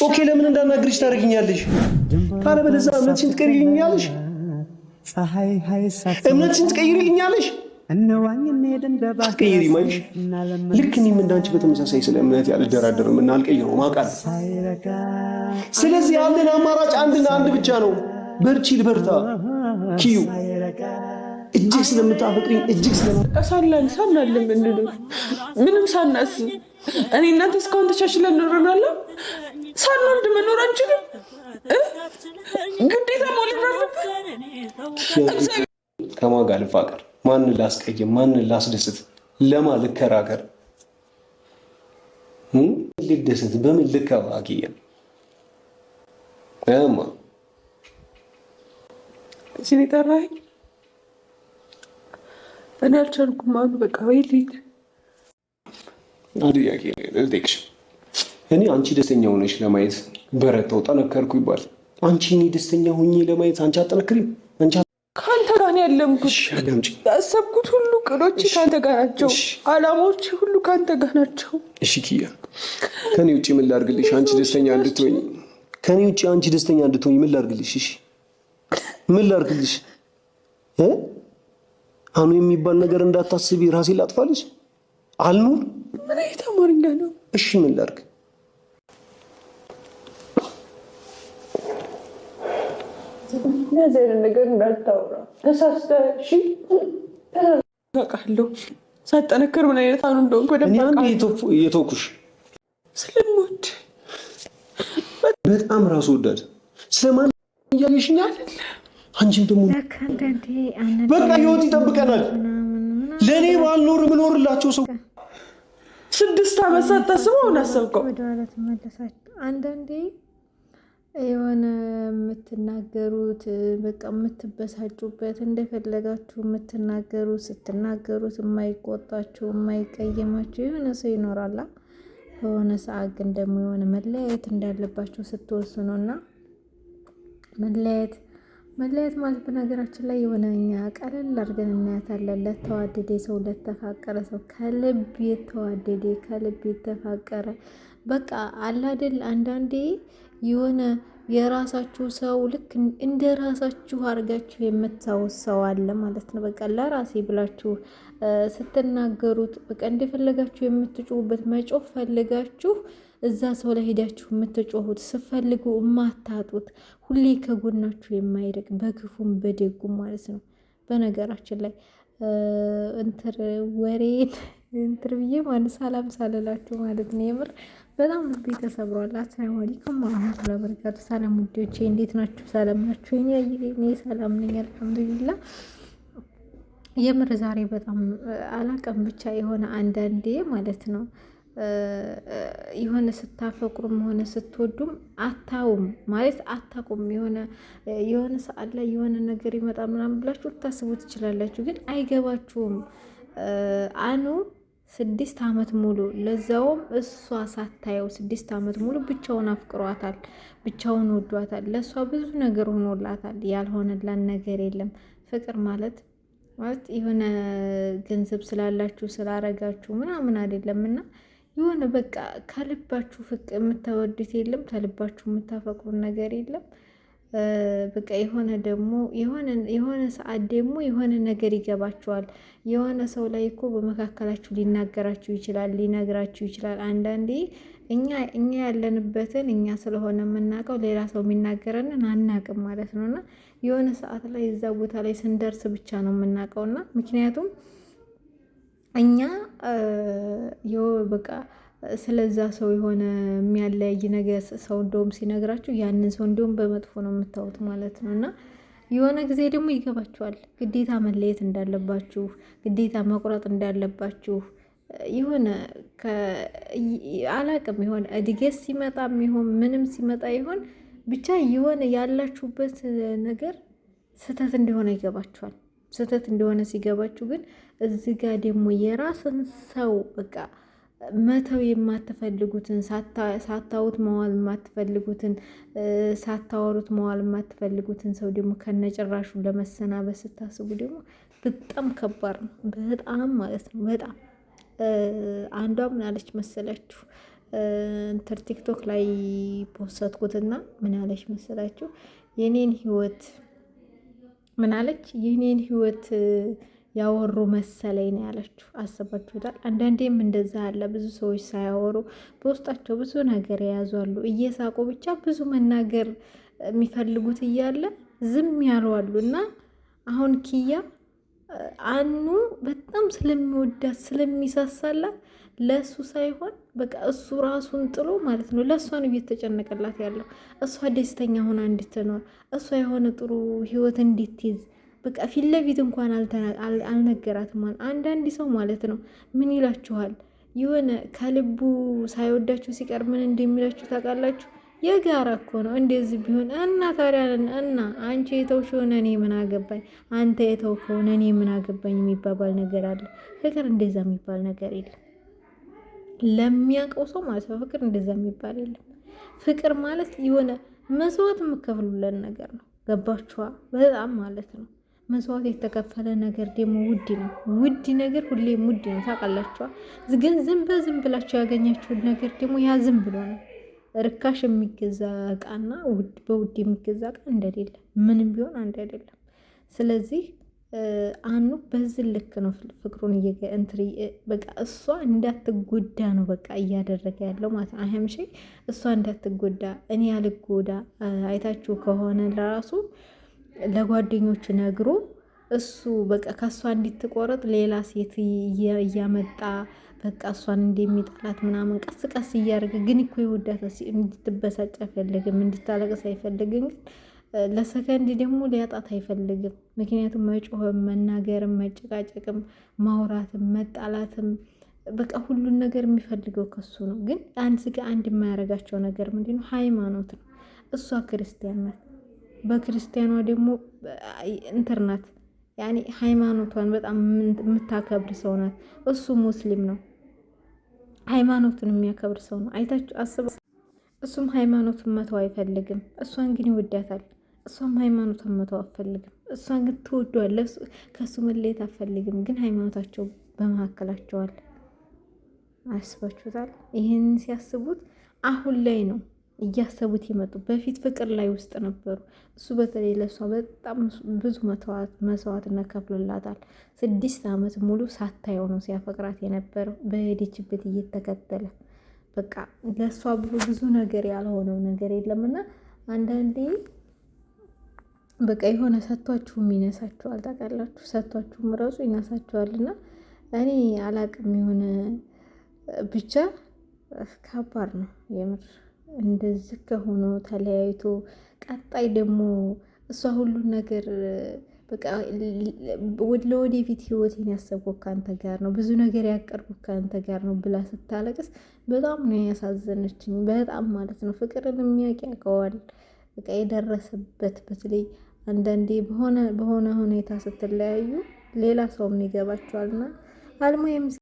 ጮኬ ለምን እንዳናግርሽ ታደርግኛለሽ? ካለበለዛ እምነትሽን ትቀይርልኛለሽ። እምነትሽን ትቀይርልኛለሽ። አትቀይሪ ማሽ ልክ እኔም እንዳንቺ በተመሳሳይ ስለ እምነት ያልደራደርም እና አልቀይረውም አውቃለሁ። ስለዚህ ያለን አማራጭ አንድና አንድ ብቻ ነው። በርቺ፣ ልበርታ ኪዩ እጅግ ስለምታፈቅኝ እጅግ ስለምሳላል ሳናለ ምንድን ምንም ሳናስብ እኔ እናንተ እስካሁን ተቻችለን እንኖረናለን። ሳንወልድ መኖር አንችልም። ግዴታ ሞሊራለብ ከማን ጋር ልፋቀር? ማንን ላስቀይም? ማንን ላስደስት? ለማ ልከራከር? ልደስት? በምን ልከባ? አክየም እማ እዚህ እኔ አልቻልኩም አሉ። በቃ ወይልኝ ጥያቄ እኔ አንቺ ደስተኛ ሆነሽ ለማየት በረታው ጠነከርኩ ይባል። አንቺ እኔ ደስተኛ ሆኜ ለማየት አንቺ አጠነክሪም። አንቺ ከአንተ ጋር ነው ያለምኩት። ያሰብኩት ሁሉ ቅዶች ከአንተ ጋር ናቸው። አላማዎች ሁሉ ከአንተ ጋር ናቸው። እሺ ኪያ፣ ከኔ ውጭ ምን ላድርግልሽ? አንቺ ደስተኛ እንድትሆኝ ከኔ ውጭ አንቺ ደስተኛ እንድትሆኝ ምን ላድርግልሽ? እሺ ምን ላድርግልሽ? አኑ የሚባል ነገር እንዳታስቢ ራሴ ላጥፋልሽ አልኖር። ምን አይነት አማርኛ ነው? እሺ ምን ላድርግ? ነገር ነገር እንዳታውራ ሳጠነክር ምን አይነት አኑ እንደሆንኩ የተውኩሽ ስለምወድ በጣም ወዳድ ስለማን አንቺም ደሞ በቃ ህይወት ይጠብቀናል። ለእኔ ባልኖር የምኖርላቸው ሰው ስድስት ዓመት ሰጠ ስሙ አሰብቀው ወደኋላ ትመለሳችሁ። አንዳንዴ የሆነ የምትናገሩት በቃ የምትበሳጩበት እንደፈለጋችሁ የምትናገሩት ስትናገሩት የማይቆጣችሁ የማይቀየማችሁ የሆነ ሰው ይኖራላ። በሆነ ሰዓት ግን ደግሞ የሆነ መለያየት እንዳለባችሁ ስትወስኑ እና መለያየት መለያየት ማለት በነገራችን ላይ የሆነ እኛ ቀለል አድርገን እናያታለን። ለተዋደደ ሰው ለተፋቀረ ሰው ከልብ የተዋደደ ከልብ የተፋቀረ በቃ አላደል። አንዳንዴ የሆነ የራሳችሁ ሰው ልክ እንደ ራሳችሁ አድርጋችሁ የምታውስ ሰው አለ ማለት ነው። በቃ ለራሴ ብላችሁ ስትናገሩት በቃ እንደፈለጋችሁ የምትጮሁበት መጮህ ፈልጋችሁ እዛ ሰው ላይ ሄዳችሁ የምትጮሁት ስፈልጉ የማታጡት ሁሌ ከጎናችሁ የማይርቅ በክፉም በደጉም ማለት ነው። በነገራችን ላይ እንትር ወሬን እንትር ብዬ ማለት ሰላም ሳልላችሁ ማለት ነው። የምር በጣም ልቤ ተሰብሯል። አሰላሙ አለይኩም ወራህመቱላሂ ወበረካቱ። ሰላም ውዴዎቼ፣ እንዴት ናችሁ? ሰላም ናችሁ? እኔ ሰላም ነኝ አልሐምዱሊላህ። የምር ዛሬ በጣም አላቀም ብቻ የሆነ አንዳንዴ ማለት ነው የሆነ ስታፈቅሩም ሆነ ስትወዱም አታውም ማለት አታቁም። የሆነ የሆነ ሰዓት ላይ የሆነ ነገር ይመጣ ምናምን ብላችሁ ልታስቡ ትችላላችሁ፣ ግን አይገባችሁም። አኑ ስድስት ዓመት ሙሉ ለዛውም እሷ ሳታየው ስድስት ዓመት ሙሉ ብቻውን አፍቅሯታል፣ ብቻውን ወዷታል። ለእሷ ብዙ ነገር ሆኖላታል። ያልሆነላን ነገር የለም። ፍቅር ማለት ማለት የሆነ ገንዘብ ስላላችሁ ስላረጋችሁ ምናምን አይደለም እና የሆነ በቃ ከልባችሁ ፍቅ የምታወዱት የለም፣ ከልባችሁ የምታፈቅሩ ነገር የለም። በቃ የሆነ ደግሞ የሆነ ሰዓት ደግሞ የሆነ ነገር ይገባችኋል። የሆነ ሰው ላይ እኮ በመካከላችሁ ሊናገራችሁ ይችላል፣ ሊነግራችሁ ይችላል። አንዳንዴ እኛ እኛ ያለንበትን እኛ ስለሆነ የምናውቀው ሌላ ሰው የሚናገረንን አናውቅም ማለት ነው። እና የሆነ ሰዓት ላይ እዛ ቦታ ላይ ስንደርስ ብቻ ነው የምናውቀውና ምክንያቱም እኛ በቃ ስለዛ ሰው የሆነ የሚያለያይ ነገር ሰው እንደውም ሲነግራችሁ ያንን ሰው እንደውም በመጥፎ ነው የምታዩት ማለት ነው። እና የሆነ ጊዜ ደግሞ ይገባችኋል፣ ግዴታ መለየት እንዳለባችሁ፣ ግዴታ መቁረጥ እንዳለባችሁ የሆነ አላቅም የሆነ እድገት ሲመጣ ይሆን ምንም ሲመጣ ይሆን ብቻ የሆነ ያላችሁበት ነገር ስህተት እንደሆነ ይገባችኋል። ስህተት እንደሆነ ሲገባችሁ ግን እዚህ ጋር ደግሞ የራስን ሰው በቃ መተው የማትፈልጉትን ሳታውት መዋል የማትፈልጉትን ሳታወሩት መዋል የማትፈልጉትን ሰው ደግሞ ከነጭራሹ ለመሰናበት ስታስቡ ደግሞ በጣም ከባድ ነው። በጣም ማለት ነው። በጣም አንዷ ምን አለች መሰላችሁ? እንትን ቲክቶክ ላይ ፖስትኩትና ምን አለች መሰላችሁ የኔን ህይወት ምናለች የኔን ህይወት ያወሩ መሰለኝ ነው ያለችው። አስባችሁታል? አንዳንዴም እንደዛ አለ። ብዙ ሰዎች ሳያወሩ በውስጣቸው ብዙ ነገር የያዙ አሉ። እየሳቁ ብቻ ብዙ መናገር የሚፈልጉት እያለ ዝም ያሉ አሉ። እና አሁን ኪያ አኑ በጣም ስለሚወዳት ስለሚሳሳላት ለእሱ ሳይሆን በቃ እሱ ራሱን ጥሎ ማለት ነው ለእሷ ነው እየተጨነቀላት ያለው። እሷ ደስተኛ ሆና እንድትኖር፣ እሷ የሆነ ጥሩ ህይወት እንድትይዝ በቃ ፊት ለፊት እንኳን አልነገራትም። አንዳንድ ሰው ማለት ነው ምን ይላችኋል? የሆነ ከልቡ ሳይወዳችሁ ሲቀር ምን እንደሚላችሁ ታውቃላችሁ? የጋራ እኮ ነው። እንደዚህ ቢሆን እና ታዲያ እና አንቺ የተውሽ ሆነ እኔ ምን አገባኝ፣ አንተ የተው ከሆነ እኔ ምን አገባኝ የሚባባል ነገር አለ። ፍቅር እንደዛ የሚባል ነገር የለም። ለሚያውቀው ሰው ማለት ነው። ፍቅር እንደዛ የሚባል የለም። ፍቅር ማለት የሆነ መስዋዕት የምከፍሉለን ነገር ነው። ገባችኋ? በጣም ማለት ነው። መስዋዕት የተከፈለ ነገር ደግሞ ውድ ነው። ውድ ነገር ሁሌም ውድ ነው። ታውቃላችኋ? ግን ዝም በዝም ብላችሁ ያገኛችሁት ነገር ደግሞ ያ ዝም ብሎ ነው። ርካሽ የሚገዛ እቃና በውድ የሚገዛ እቃ እንደሌለ ምንም ቢሆን አንድ አይደለም። ስለዚህ አኑ በዚህ ልክ ነው ፍቅሩን እየገ እንትሪ በቃ እሷ እንዳትጎዳ ነው በቃ እያደረገ ያለው ማለት ነው። አህምሼ እሷ እንዳትጎዳ እኔ ያልጎዳ አይታችሁ ከሆነ ለራሱ ለጓደኞቹ ነግሮ እሱ በቃ ከእሷ እንድትቆረጥ ሌላ ሴት እያመጣ በቃ እሷን እንደሚጠላት ምናምን ቀስ ቀስ እያደረገ ግን እኮ ይወዳታል። እንድትበሳጭ አይፈልግም፣ እንድታለቅስ አይፈልግም ግን ለሰከንድ ደግሞ ሊያጣት አይፈልግም። ምክንያቱም መጮህም፣ መናገርም፣ መጨቃጨቅም፣ ማውራትም፣ መጣላትም በቃ ሁሉን ነገር የሚፈልገው ከሱ ነው። ግን አንድ ስጋ አንድ የማያደርጋቸው ነገር ምንድን ነው? ሃይማኖት ነው። እሷ ክርስቲያን ናት። በክርስቲያኗ ደግሞ እንትርናት ያኔ ሃይማኖቷን በጣም የምታከብር ሰው ናት። እሱ ሙስሊም ነው። ሃይማኖቱን የሚያከብር ሰው ነው። አይታችሁ አስበ እሱም ሃይማኖቱን መተው አይፈልግም። እሷን ግን ይወዳታል። እሷም ሃይማኖቷን መተው አፈልግም እሷን ግን ትወዷለ ከእሱ መለየት አፈልግም። ግን ሃይማኖታቸው በመካከላቸዋል። አስባችሁታል? ይህንን ሲያስቡት አሁን ላይ ነው እያሰቡት ይመጡ። በፊት ፍቅር ላይ ውስጥ ነበሩ። እሱ በተለይ ለእሷ በጣም ብዙ መስዋዕትነት ከፍሎላታል። ስድስት ዓመት ሙሉ ሳታየው ነው ሲያፈቅራት የነበረው በሄደችበት እየተከተለ በቃ ለእሷ ብዙ ነገር ያልሆነው ነገር የለምና አንዳንዴ በቃ የሆነ ሰጥቷችሁም ይነሳችኋል። ታውቃላችሁ፣ ሰጥቷችሁም ራሱ ይነሳችኋል። እና እኔ አላቅም የሆነ ብቻ ከባድ ነው የምር እንደዚህ ከሆኖ ተለያይቶ ቀጣይ ደግሞ እሷ ሁሉን ነገር በቃ ለወደፊት ህይወቴን ያሰብኩት ከአንተ ጋር ነው፣ ብዙ ነገር ያቀርቡ ከአንተ ጋር ነው ብላ ስታለቅስ በጣም ነው ያሳዘነችኝ። በጣም ማለት ነው ፍቅርን የሚያውቅ ያውቀዋል። በቃ የደረሰበት በተለይ አንዳንዴ በሆነ በሆነ ሁኔታ ስትለያዩ ሌላ ሰውም ይገባቸዋልና አልሞ